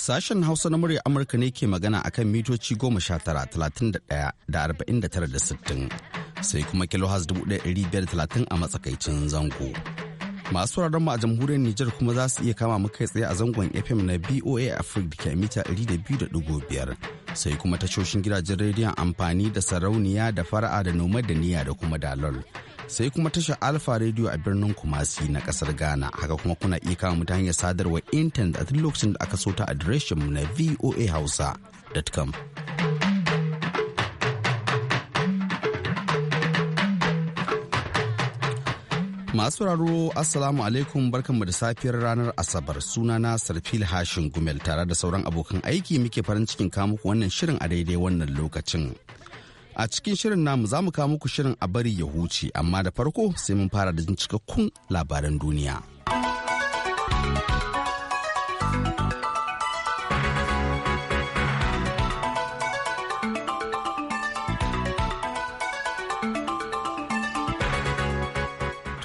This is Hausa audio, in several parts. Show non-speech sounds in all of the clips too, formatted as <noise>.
Sashen Hausa na murya Amurka ne ke magana akan mitoci goma sha tara talatin da ɗaya da arba'in sai kuma kilohaz dubu ɗaya a matsakaicin zango. Masu wuraren mu a jamhuriyar Nijar kuma za su iya kama muka tsaye a zangon FM na BOA Africa da ke mita ɗari biyar sai kuma tashoshin gidajen rediyon amfani da sarauniya da fara'a da noma da niyya da kuma dalol. sai kuma tashar alfa radio a birnin kumasi na kasar ghana haka kuma kuna iya kama mu ta hanyar sadarwar intanet a duk lokacin da aka so ta mu na voa hausa.com Masu raro Assalamu alaikum barkanmu da safiyar ranar Asabar suna na Sarfil Hashin Gumel tare da sauran abokan aiki muke farin cikin kamuku wannan shirin a daidai wannan lokacin. A cikin shirin namu za mu kawo muku shirin a bari ya huce amma da farko sai mun fara da cikakkun labaran duniya.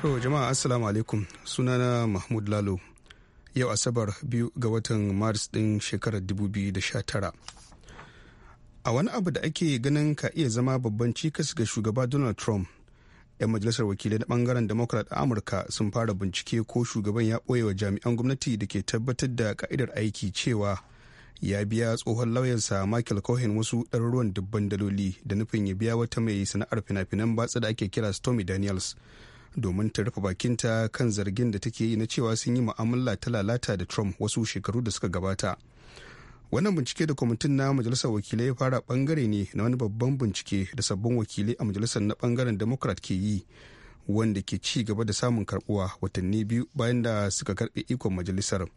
To jama'a assalamu alaikum sunana Mahmud Lalo yau asabar biyu ga watan Maris ɗin shekarar 2019. a wani abu da ake ganin ka iya zama babban cikas ga shugaba donald trump 'yan majalisar wakilai na bangaren democrat a amurka sun fara bincike ko shugaban ya ɓoye wa jami'an gwamnati da ke tabbatar da ka'idar aiki cewa ya biya tsohon lauyansa michael cohen wasu ɗaruruwan dubban daloli da nufin ya biya wata mai sana'ar fina-finan batsa da ake kira stormy daniels domin ta rufe bakinta kan zargin da take yi na cewa sun yi mu'amala ta lalata da trump wasu shekaru da suka gabata. wannan bincike da kwamitin na majalisar wakilai ya fara bangare ne na wani babban bincike da sabbin wakilai a majalisar na bangaren democrat ke yi wanda ke ci gaba da samun karbuwa watanni biyu bayan da suka karbe ikon majalisar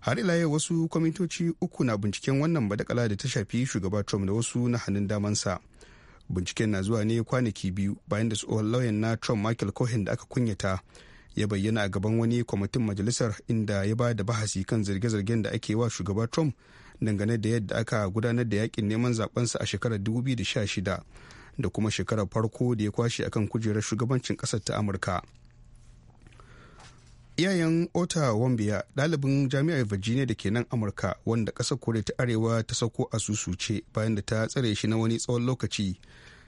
har ila yau wasu kwamitoci uku na binciken wannan badakala da ta shafi shugaba trump da wasu na hannun damansa binciken na zuwa ne kwanaki biyu bayan da tsohon lauyan na trump michael cohen da aka kunyata ya bayyana a gaban wani kwamitin majalisar inda ya ba da bahasi kan zarge-zargen da ake wa shugaba trump dangane da yadda aka gudanar da yakin neman zabensa a shekarar 2016 da kuma shekarar farko da ya kwashe akan kujerar shugabancin kasar ta amurka iyayen ota wambiya ɗalibin jami'ar virginia da ke nan amurka wanda ƙasar koriya ta arewa ta sauko a susuce bayan da ta tsare shi na wani tsawon lokaci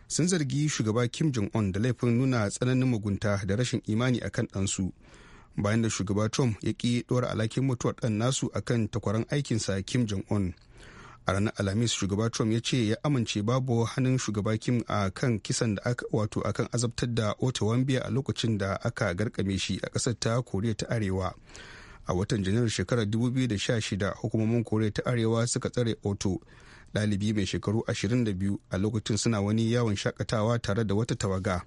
sun zargi shugaba kim jong-un da laifin nuna tsananin mugunta da rashin imani akan ɗansu. ɗansu bayan da shugaba trump ya ki ɗora alhakin mutuwar ɗan nasu akan takwaran aikinsa kim jong-un a ranar alhamis shugaba trump ya ce ya amince babu hannun shugaba kim a kan kisan da aka wato akan azabtar da ota wambiya a lokacin da aka garkame shi a ƙasar ta koriya ta arewa a watan janairu shekarar 2016 hukumomin koriya ta arewa suka tsare oto ɗalibi mai shekaru 22 a lokacin suna wani yawon shakatawa tare da wata tawaga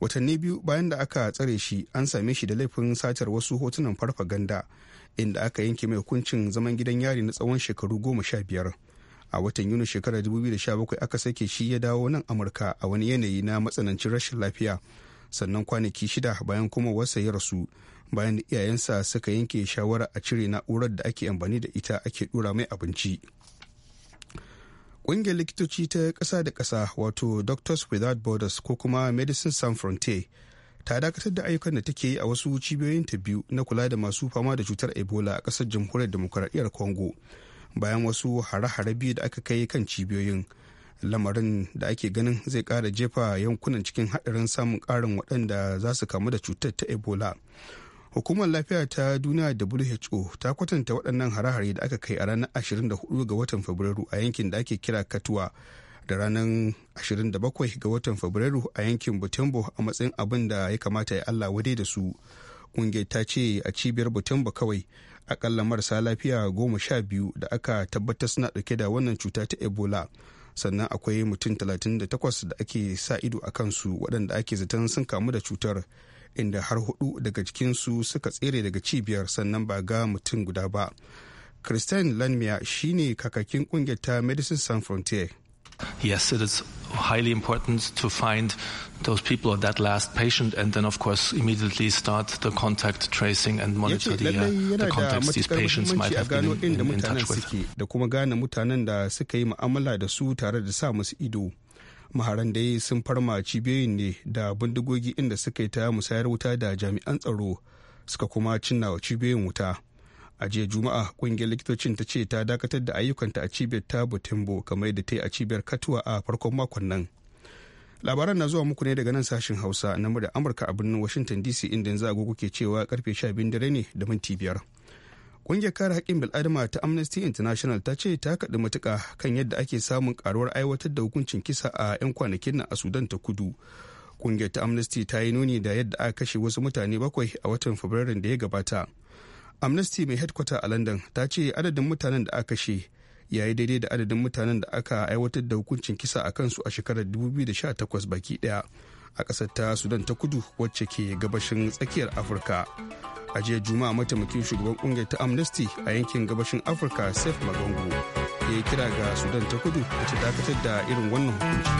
watanni biyu bayan da aka tsare shi an same shi da laifin satar wasu hotunan farfaganda inda aka yanke mai hukuncin zaman gidan yari na tsawon shekaru goma sha biyar a watan yuni shekarar 2017 aka sake shi ya dawo nan amurka a wani yanayi na matsanancin rashin lafiya sannan kwanaki shida bayan kuma wasa ya rasu bayan da iyayensa suka yanke shawara a cire na'urar da ake amfani da ita ake dura mai abinci ƙungiyar likitoci ta ƙasa da ƙasa wato doctors without borders ko kuma medicine sans frontier ta dakatar da ayyukan da take yi a wasu cibiyoyin ta biyu na kula da masu fama da cutar ebola a ƙasar jamhuriyar demokuraɗiyyar congo bayan wasu hare-hare biyu da aka kai kan cibiyoyin lamarin da ake ganin zai ƙara jefa yankunan cikin haɗarin samun ƙarin waɗanda za su kamu da cutar ta ebola hukumar lafiya ta duniya who ta kwatanta waɗannan hare-hare da aka kai a ranar 24 ga watan fabrairu a yankin da ake kira katuwa da ranar 27 ga watan fabrairu a yankin butembo a matsayin abin da ya kamata ya allah wadai da su ƙungiyar ta ce a cibiyar butembo kawai akalla marasa lafiya goma sha biyu da aka tabbatar suna ɗauke da wannan cuta ta ebola sannan akwai mutum 38 da ake sa ido a kansu waɗanda ake zaton sun kamu da cutar inda har hudu daga cikinsu suka tsere daga cibiyar sannan ba ga mutum guda ba christian lanmia shine kakakin kungiyar ta medicine sans frontier Yes, it is highly important to find those people or that last patient and then of course immediately start the contact tracing and monitor the, uh, the contacts these patients might have been in, in, touch with. Da kuma gane mutanen da suka yi mu'amala da su tare da sa musu ido. maharan dai sun farma cibiyoyin ne da bindigogi inda suka yi ta musayar wuta da jami'an tsaro suka kuma cinna wa cibiyoyin wuta a jiya juma'a kungiyar likitocin ta ce ta dakatar da ayyukanta a cibiyar ta butembo kamar da ta yi a cibiyar katuwa a farkon makon nan labaran na zuwa muku ne daga nan sashin hausa na murya amurka a birnin washington dc inda yanzu agogo ke cewa karfe 12 dare ne da minti biyar kungiyar kare haƙƙin bil'adama ta Amnesty International ta ce ta kaɗi matuƙa kan yadda ake samun karuwar aiwatar da hukuncin kisa a 'yan kwanakin nan a Sudan ta kudu. kungiyar ta Amnesty ta yi nuni da yadda aka kashe wasu mutane bakwai a watan Fabrairun da ya gabata. Amnesty mai headquarter a London ta ce adadin mutanen da aka kashe ya yi daidai da adadin mutanen da aka aiwatar da hukuncin kisa a kansu a shekarar 2018 baki daya a ƙasar ta Sudan ta kudu wacce ke gabashin tsakiyar Afirka. a jiya juma'a mataimakin shugaban kungiyar ta amnesty a yankin gabashin afirka sef magongo ya yi kira ga sudan ta kudu da ta dakatar da irin wannan hukunci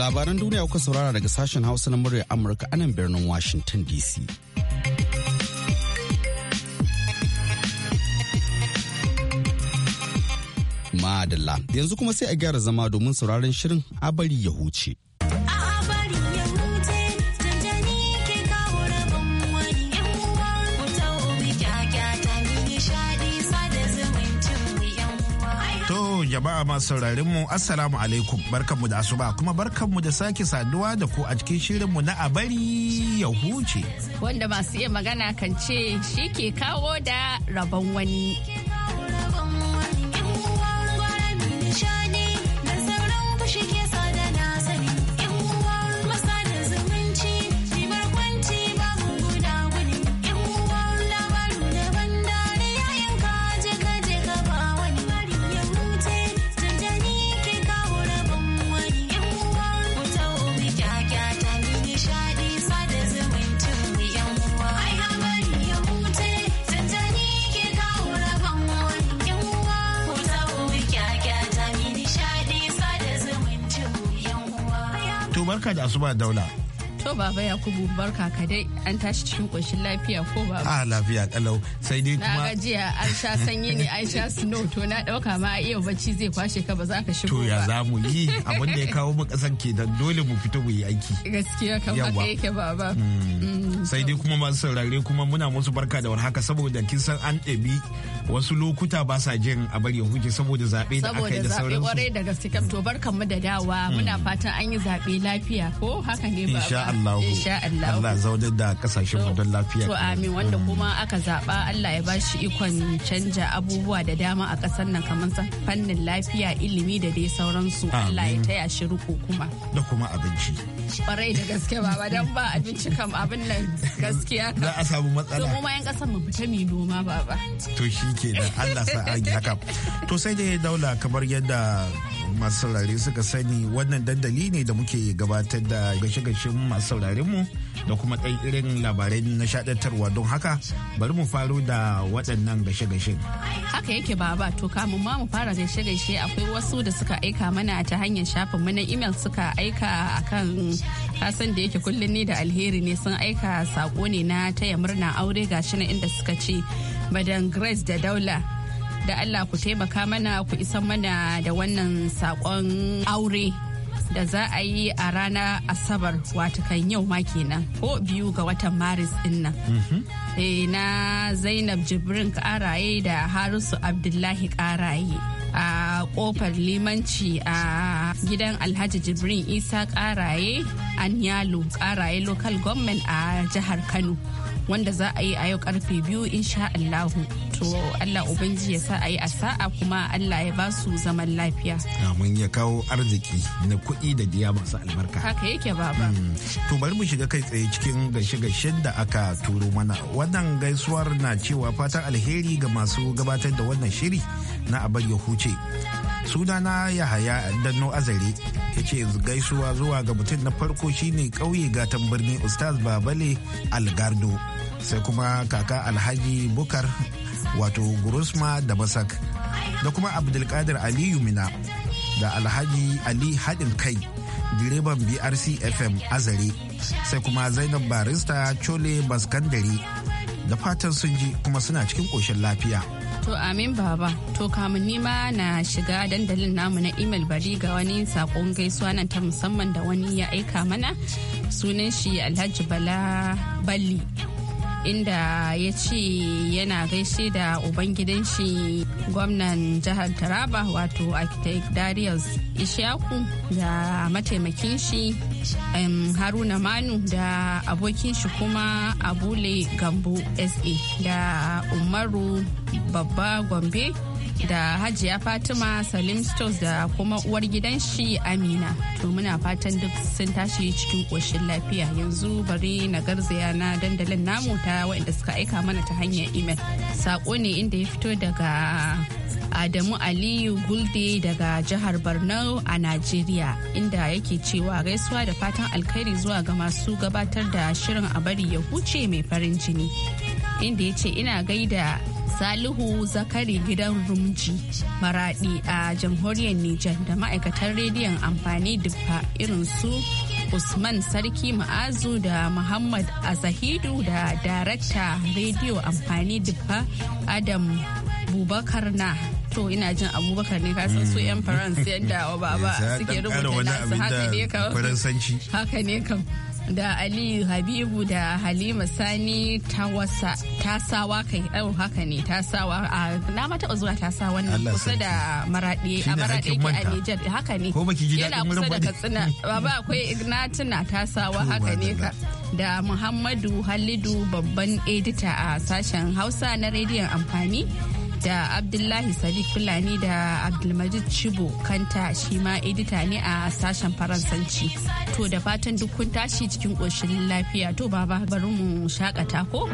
labaran duniya kuka saurara daga sashen hausa na murya amurka anan birnin washington dc madalla yanzu kuma sai a gyara zama domin sauraron shirin a bari ya huce jama'a masu sauraron mu assalamu alaikum barkanmu da asuba kuma barkanmu da sake saduwa da ku a cikin shirinmu na abari ya huce wanda masu iya magana kan ce shi ke kawo da rabon wani barka da asuba daula. To baba Yakubu barka ka dai an tashi cikin koshin lafiya ko baba. A ah, lafiya kalau sai dai kuma. Na gajiya an sha sanyi ne an sha snow to na dauka ma a iya bacci zai kwashe ka ba za ka shigo ba. To ya za mu yi abin da ya kawo mu kasan da dole mu fito mu yi aiki. Gaskiya kan haka yake baba. Hmm. Hmm. Sai dai kuma masu saurare kuma muna musu barka da warhaka saboda kin san an ɗabi wasu lokuta ba sa jin a bari ya saboda zaɓe da aka yi da sauransu. Saboda zaɓe kwarai da gaske to barkan mu da dawa muna hmm. fatan an yi zaɓe lafiya ko haka ne baba. Allah Allah zaunar da kasashen mu don lafiya to amin wanda kuma aka zaba Allah ya bashi ikon canja abubuwa da dama a kasar nan kamar fannin lafiya ilimi da dai sauransu Allah ya taya shi riko kuma da kuma abinci kwarai da gaske ba dan ba abinci kam abin nan gaskiya ka. za a samu matsala to kuma yan kasar mu fita mai noma baba to shi ke da Allah sa a haka to sai dai daula kamar yadda masu saurare suka sani wannan dandali ne da muke gabatar da gashe-gashen masu mu da kuma ɗan irin na shaɗatarwa don haka bari mu faru da waɗannan gashe-gashen. Haka yake baba to kamun ma mu fara gashe-gashe akwai wasu da suka aika mana ta hanyar shafin mana imel suka aika akan kasan da yake kullum ni da alheri ne sun aika sako ne na taya murna aure gashi na inda suka ce madan grace da daula da Allah ku taimaka mana ku isan mana da wannan sakon aure da za a yi a ranar asabar watakan yau ma kenan ko biyu ga watan maris din nan mhm. eh, na zainab jibrin karaye da harisu abdullahi karaye a kofar limanci a gidan alhaji jibrin isa karaye an yalo karaye local government a jihar kano wanda za a yi a yau karfe biyu insha Allahu. To Allah Ubangiji ya sa a yi a sa'a kuma Allah ya basu zaman lafiya. Amin ya kawo arziki na kuɗi da diya masu albarka. Haka yake baba. Hmm. To bari mu shiga kai tsaye cikin gaishe-gaishen da aka turo mana. Wannan gaisuwar na cewa fatan alheri ga masu gabatar da wannan shiri na abar ya huce. Sunana Yahaya Danno Azare ya ce gaisuwa zuwa ga mutum na farko shine ƙauye gatan birni Ustaz Babale Algardo. sai kuma kaka alhaji bukar wato gurusma da basak da kuma abdulkadir aliyu mina da alhaji ali haɗin kai direban brc fm azare sai kuma zainab barista chole baskandare da fatan sun ji kuma suna cikin ƙoshin lafiya to amin baba to kamun nima na shiga dandalin namu na imel bari ga wani saƙon gaisuwa nan ta musamman da wani ya aika mana sunan shi alhaji bala balli inda ya ce yana gaishe da ubangidan shi gwamnan jihar taraba wato architect darius ishaku da mataimakin shi haruna manu da abokin shi kuma abule gambo sa da umaru babba gombe da hajiya fatima salim stores da kuma uwar gidan shi amina to muna fatan duk sun tashi cikin koshin lafiya yanzu bari na garzaya na dandalin namu ta waɗanda suka aika mana ta hanyar imel sako ne inda ya fito daga Adamu Aliyu Gulde daga jihar Borno a Najeriya inda yake cewa gaisuwa da fatan alkhairi zuwa ga masu gabatar da shirin a bari ya huce mai farin jini. Inda ya ce ina gaida Salihu Zakari gidan Rumji Maradi a jamhuriyar Nijar da ma'aikatar rediyon amfani dubba irin su Usman Sarki Ma'azu da Muhammad Azahidu da darakta rediyo amfani dubba Adam Bubakar na to ina jin abubakar ne kasan su hmm. yan faransa yadda ba suke rubuta nasu haka ne haka ne kam da ali habibu da halima sani ta sawa kai ɗau oh, haka ne ta sawa a na mata zuwa tasawa wani kusa da maraɗi a maraɗi ke a nijar haka ne yana kusa da katsina baba akwai ignatina ta sawa haka ne ka da muhammadu halidu babban edita a sashen hausa na rediyon amfani da abdullahi sadiq fulani da abdulmajid shibo kanta shi ma edita ne a sashen faransanci to da fatan duk kun tashi cikin ƙoshin lafiya to baba bari mu shakata ko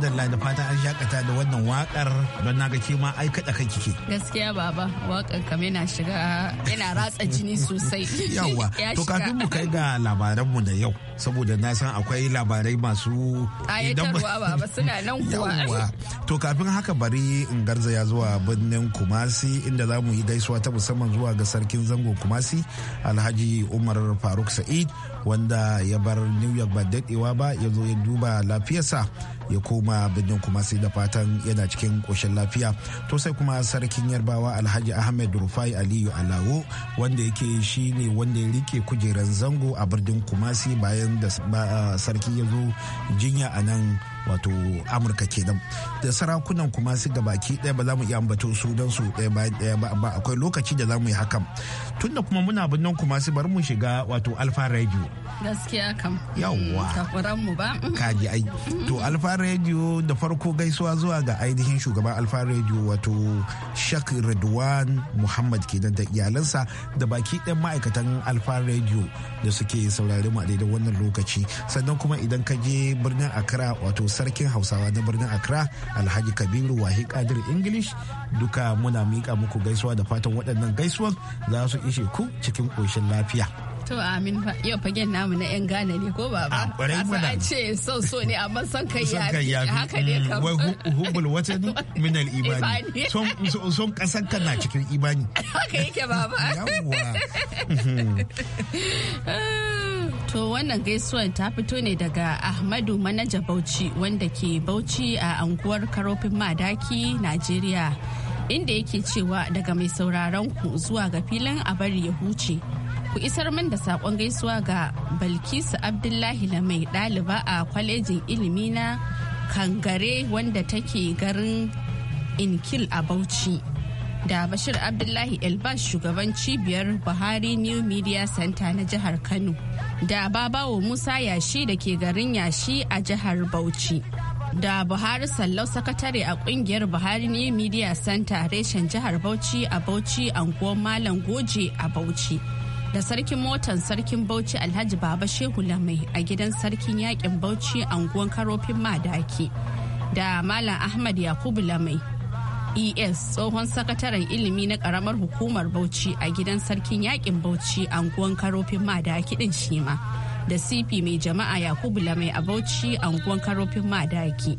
madalla da fata an shakata da wannan wakar don naga ke ma ai kai kike gaskiya baba wakar kam yana shiga yana ratsa jini sosai yawa <laughs> to kafin mu kai ga labaran mu da yau saboda na san akwai labarai masu ayatarwa ba suna nan kuwa <laughs> to kafin haka bari in garzaya zuwa birnin kumasi inda za mu yi gaisuwa ta musamman zuwa ga sarkin zango kumasi alhaji umar faruk sa'id wanda ya bar new york ba daɗewa ba ya zo ya duba lafiyarsa ya koma birnin kumasi da fatan yana cikin ƙoshin lafiya to sai kuma sarkin yarbawa alhaji ahmed rufai aliyu alawo wanda yake shi ne wanda ya rike kujeran zango a birnin kumasi bayan da ah, sarki ya zo jinya a nan wato amurka kenan da sarakunan kuma su ga baki ɗaya ba za mu iya ambato su don su daya ba akwai lokaci da za mu yi hakan tunda kuma muna birnin kuma su bari mu shiga wato alfa radio gaskiya kam yawwa takwaran mu ba kaji ai to alfa radio da farko gaisuwa zuwa ga ainihin shugaban alfa radio wato shak radwan muhammad kenan da iyalansa da baki ɗan ma'aikatan alfa radio da suke saurari mu a daidai wannan lokaci sannan kuma idan ka je birnin accra wato sarkin hausawa na birnin accra alhaji kabiru wahi kadir english duka muna miƙa muku gaisuwa da fatan waɗannan gaisuwan za su ishe ku cikin ƙoshin lafiya to amin yau fagen namu na yan gane ne ko ba ba a ce so so ne amma son kai ya haka ne mm, kan wai hubbul wata ne min al <laughs> imani son kasan ka na cikin imani haka yake baba yawa. <laughs> Mm-hmm. Ah. To wannan gaisuwar ta fito ne daga Ahmadu Manaja Bauchi wanda ke Bauchi a anguwar Karofin Madaki, Najeriya. Inda yake cewa daga mai sauraron ku zuwa ga filin a bari ya huce. Ku isar min da saƙon gaisuwa ga Balkisu Abdullahi Lamai ɗaliba a kwalejin ilimi na Kangare wanda take garin Inkil a Bauchi. da Bashir Abdullahi Elbash shugaban cibiyar Buhari New Media Center na jihar Kano da Babawo Musa Yashi da ke garin Yashi a jihar Bauchi. Da Buhari Sallau sakatare a kungiyar Buhari New Media Center reshen jihar Bauchi a Bauchi anguwar Malam Goje a Bauchi. da sarkin motan sarkin bauchi alhaji baba shehu lamai a gidan sarkin yakin bauchi anguwan karofin madaki da malam ahmad yakubu lamai es tsohon sakataren ilimi na karamar hukumar bauchi a gidan sarkin yakin bauchi anguwan karofin mada ɗin shima da cp mai jama'a yakubu lamai a bauchi unguwan karofin madaki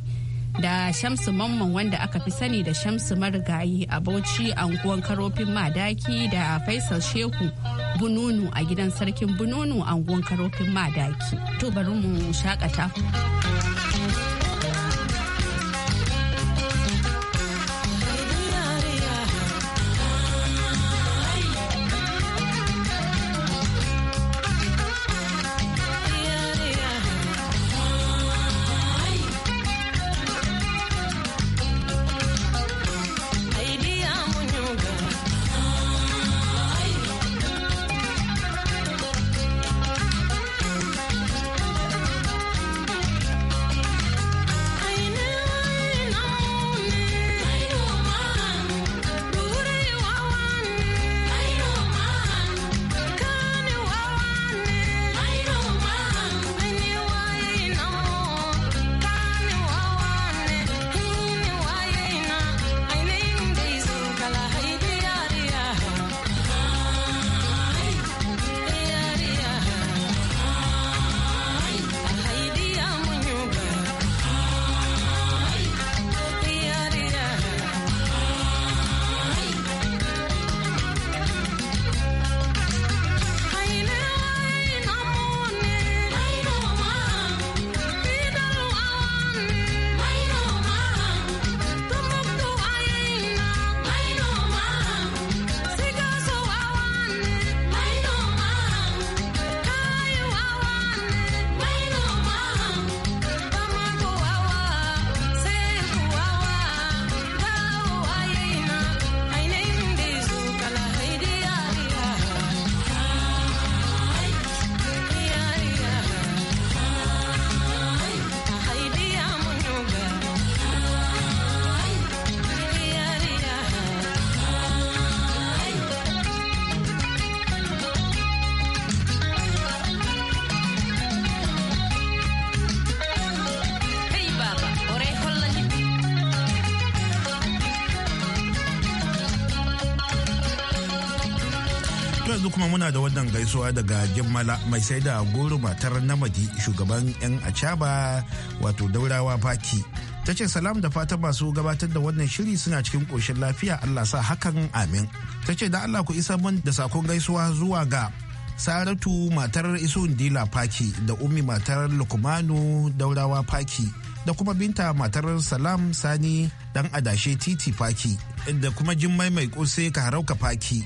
da shamsu mamman wanda aka fi sani da shamsu marigayi a bauchi unguwan karofin madaki da faisal shehu bununu a gidan sarkin bununu a karofin madaki to bari mu shakata muna da wannan gaisuwa daga jimmala mai sai da goro matar namadi shugaban 'yan acaba wato daurawa faki. Ta ce salam da fatan masu gabatar da wannan shiri suna cikin koshin lafiya Allah sa hakan amin. Ta ce da Allah ku isa mun da sakon gaisuwa zuwa ga Saratu matar Isun Dila Faki da Ummi matar Lukmanu Daurawa Faki da kuma binta matar Salam Sani dan adashe Titi Faki da kuma Jummai mai kose harauka Faki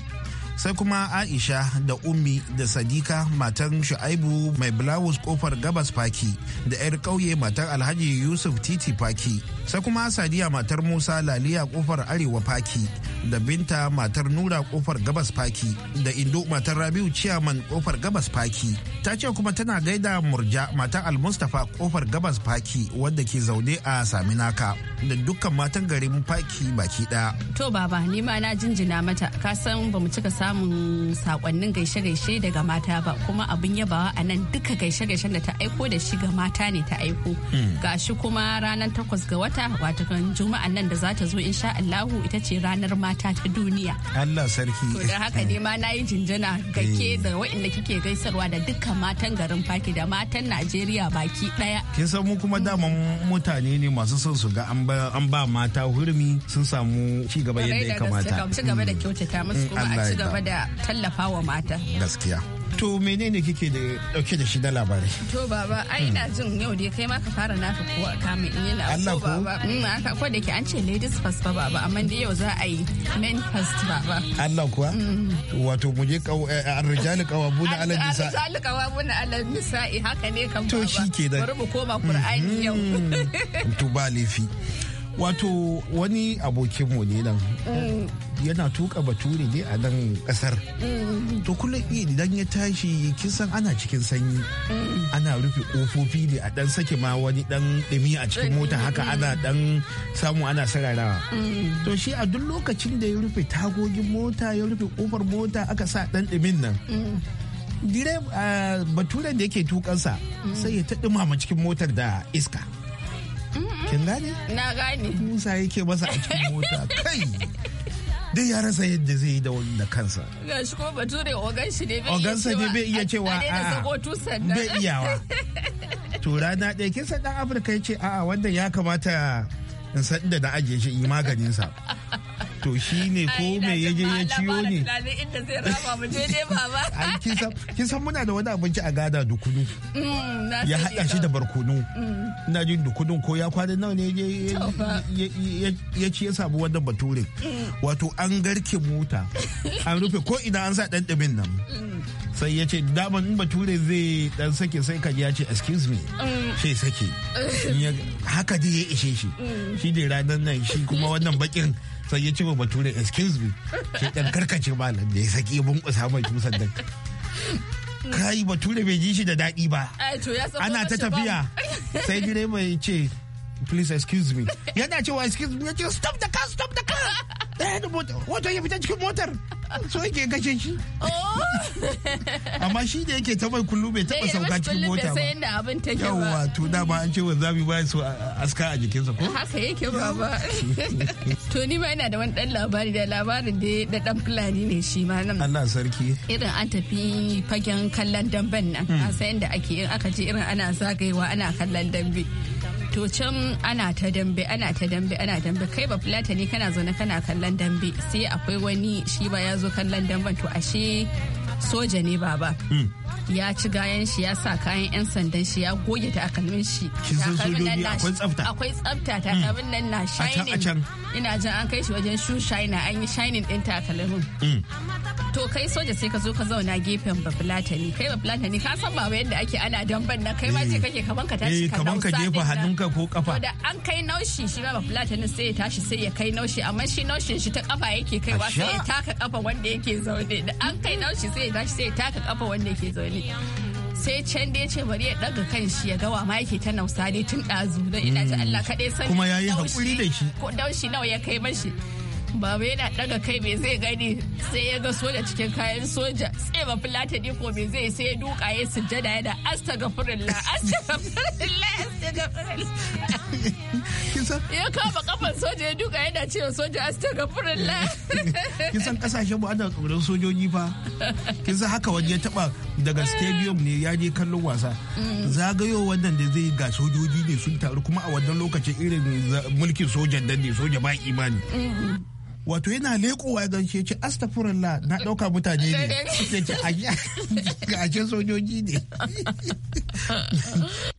sai kuma aisha da ummi da sadika matan shu'aibu mai bulawus kofar gabas faki da 'yar ƙauye matan alhaji yusuf titi paki sai kuma sadiya matar musa laliya kofar arewa paki da binta matar nura kofar gabas faki da indo matar rabiu ciyaman kofar gabas faki ta ce kuma tana gaida murja matar almustafa kofar gabas paki wadda ke zaune a saminaka da dukkan matan garin faki baki ɗaya. to baba ni ma na jinjina mata ka san mu cika samun sakonnin gaishe-gaishe daga mata ba kuma abin yabawa a nan duka gaishe-gaishen da ta aiko da shi ga mata ne ta aiko hmm. ga shi kuma ranar takwas ga wata wata kan juma'an nan da za ta zo insha Allahu ita ce ranar mata ta duniya Allah sarki to da haka ne ma nayi jinjina ga ke eh. da waɗanda kike gaisarwa da dukkan matan garin Faki da matan Najeriya baki daya kin san mu kuma daman mutane ne masu son su ga an ba mata hurumi sun samu ci gaba yadda ya kamata ci gaba da hmm. kyautata musu kuma a hmm. ci gaba gaba da tallafa wa mata gaskiya to menene kike da dauke da shi na labarai to baba ai ina hmm. jin yau dai kai ma ka fara na ka kuwa ka yana Allah ko baba Allah hmm, aka ko da ke an ce ladies first ba baba amma dai yau za a yi men first baba Allah kuwa hmm. wato mu je eh, eh, arrijali a ala nisa arrijali na ala nisa haka ne kan baba to shi da. bari mu koma qur'ani yau <laughs> to ba laifi wato wani abokinmu ne nan mm. yana tuka bature ne a nan kasar mm. to kullum idan ya tashi kin san ana cikin sanyi mm. ana rufe kofofi ne a dan sake ma wani dan dumi a cikin mota haka ana dan samu ana sararawa to shi a duk lokacin da ya rufe tagogin mota ya rufe kofar mota aka sa dan dumin nan dire ah, baturen da yake tukansa sai ya ta cikin motar da iska cikin gane na gane musa yake masa a cikin mota kai dai ya rasa yadda zai yi da kansa. Ga shi ko bature ogan shi ne bai iya cewa. ne bai iya cewa a bai iyawa. <laughs> To rana ɗaya kin san ɗan Afirka ya ce a'a wanda ya kamata in san da na ajiye shi in maganin sa. to shi ne ko me yaje ya ciyo ne <laughs> kin san muna da wani abinci a gada dukunu mm, ya hada shi da barkono mm. ina jin dukunun ko ya kwana nawa ne ya ci ya sabu wannan bature mm. wato an garke mota <laughs> an rufe ko ina an sa dan nan sai ya ce daman in bature zai dan sake sai ka ya ce excuse me sai sake <laughs> haka dai ya ishe shi shi ne ranar nan shi kuma wannan bakin sai ya ci ma bature excuse me sai dan karkace malam da ya saki ya kusa mai tusan da kai bature bai ji shi da daɗi ba ana ta tafiya sai direba mai ce please excuse me yana cewa excuse me ya ce stop the car stop the car ɗaya da motar wato ya fita cikin motar so yake kashe shi oh. amma shi da yake ta mai kullu bai taba eh, sauka cikin mota ba yanda abin take ba yawa to da ba an ce wa zabi ba so aska a jikinsa ko haka yake ba. to ni ma yana da wani dan labari da labarin da da dan fulani ne shi ma nan Allah sarki irin an tafi fagen kallon damben nan hmm. a san inda ake in aka ce irin ana zagayewa ana kallon dambe to can ana ta dambe ana ta dambe ana dambe kai ba fulata ne kana zaune kana kallon dambe sai akwai wani shi ba ya zo kallon damben to ashe soja ne baba hmm. ya ci gayan shi ya sa kayan 'yan sandan shi ya goge takalmin shi. akwai tsafta. Akwai tsafta hmm. takalmin nan na shining. Ina jin an kai shi wajen shu shiner an yi shining din takalmin. Hmm. To kai soja sai ka zo ka zauna gefen bafulatani kai bafulatani ka san baba yadda ake ana damban na kai ma ce eh. kake kaman ka tashi eh, ka kaman ka gefa hannunka ko kafa. To da an kai naushi shi ba bafulatani sai ya tashi sai ya kai naushi amma shi naushin shi ta kafa yake kaiwa sai ya taka kafa wanda yake zaune da an kai naushi sai ya tashi sai ya taka kafa wanda yake zaune. ne sai can da ya ce bari ya daga kan shi ya ga wa ma yake ta nausa dai tun ɗazu don ina ji hmm. Allah kaɗai sani kuma ya yi haƙuri da shi ko daushi nawa ya kai mashi baba yana daga kai me zai gani sai ya ga soja cikin kayan soja sai ba fulata ne ko me zai sai ya duka ya sujjada yana astagfirullah <laughs> astagfirullah astagfirullah <laughs> kinsan ya kama kafan soja ya duka yana cewa soja la. <laughs> kinsan kasashen mu ana tsoron sojoji fa kinsan haka wani ya taba daga stadium ne ya je kallon wasa zagayo wannan da zai ga sojoji ne sun taru kuma a wannan lokacin irin mulkin sojan dan ne soja ba imani wato yana lekowa ya ganshe ce la na ɗauka mutane ne <laughs> ga ajiyar sojoji ne <laughs>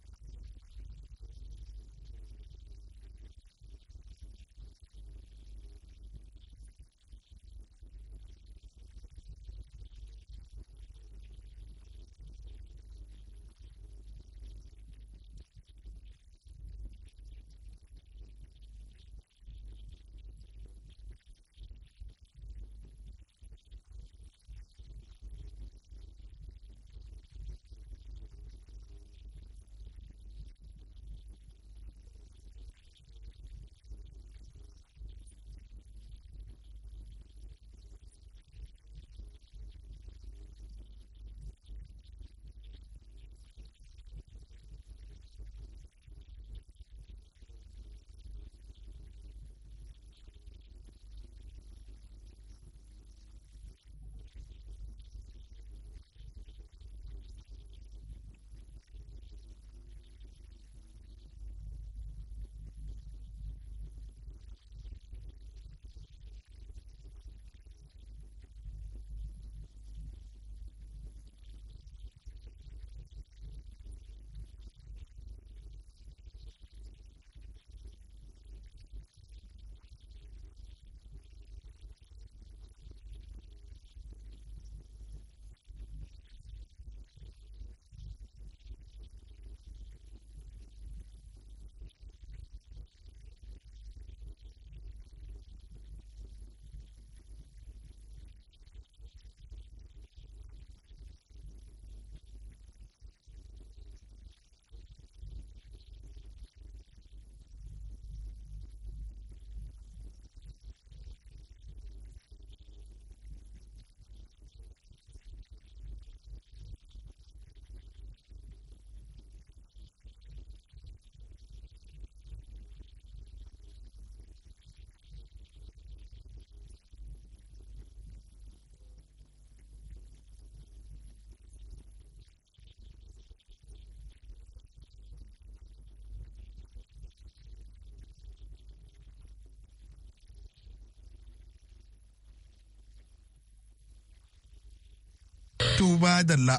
da la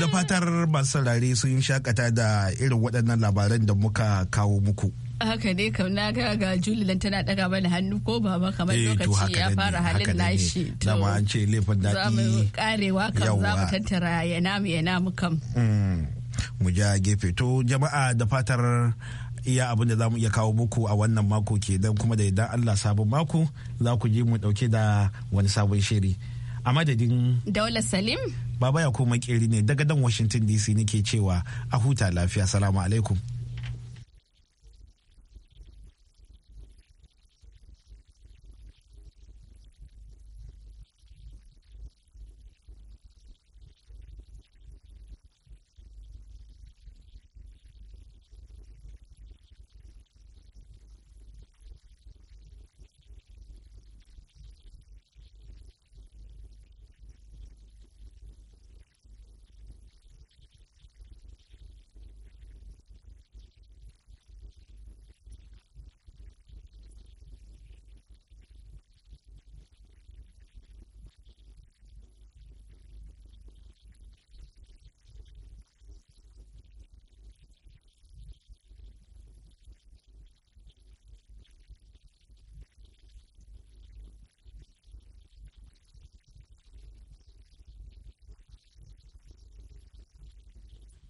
da fatar masu saurare sun shakata da irin waɗannan labaran da muka kawo muku. haka ne kam na ga ga julilan tana daga mana hannu ko baba kamar eh, lokaci ya fara halin nashi to dama an ce laifin daɗi za mu karewa kam za mu tattara ya namu ya namu kam mm. mu ja gefe to jama'a da fatar iya abin da za mu iya kawo muku a wannan mako ke dan kuma da idan Allah sabon mako za ku je mu dauke da wani sabon shiri a madadin daular salim Baba yakubu makeri ne daga dan Washington DC nake cewa a huta lafiya. Salamu alaikum.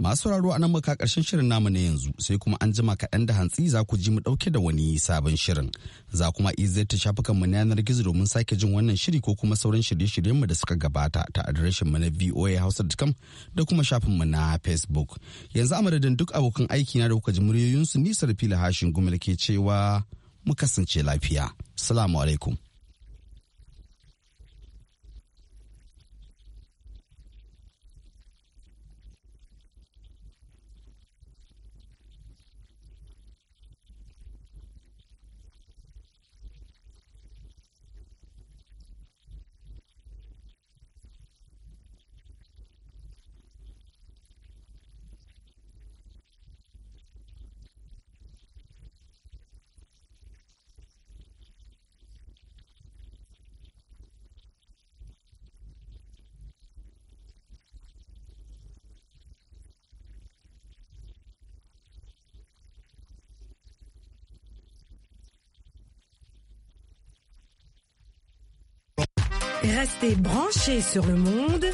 Masu sauraro a nan muka karshen shirin namu na yanzu sai kuma an jima kaɗan da hantsi za ku ji mu ɗauke da wani sabon shirin. Za kuma shafukan mu na yanar gizo domin sake jin wannan shiri ko kuma sauran shirye-shiryenmu da suka gabata ta adireshin mu na Hausa da kuma shafin mu na Facebook. Yanzu a madadin duk abokan aiki na da kuka ji muryoyinsu nisar fila hashin gumil ke cewa mu kasance lafiya. Salamu alaikum. Restez branchés sur le monde.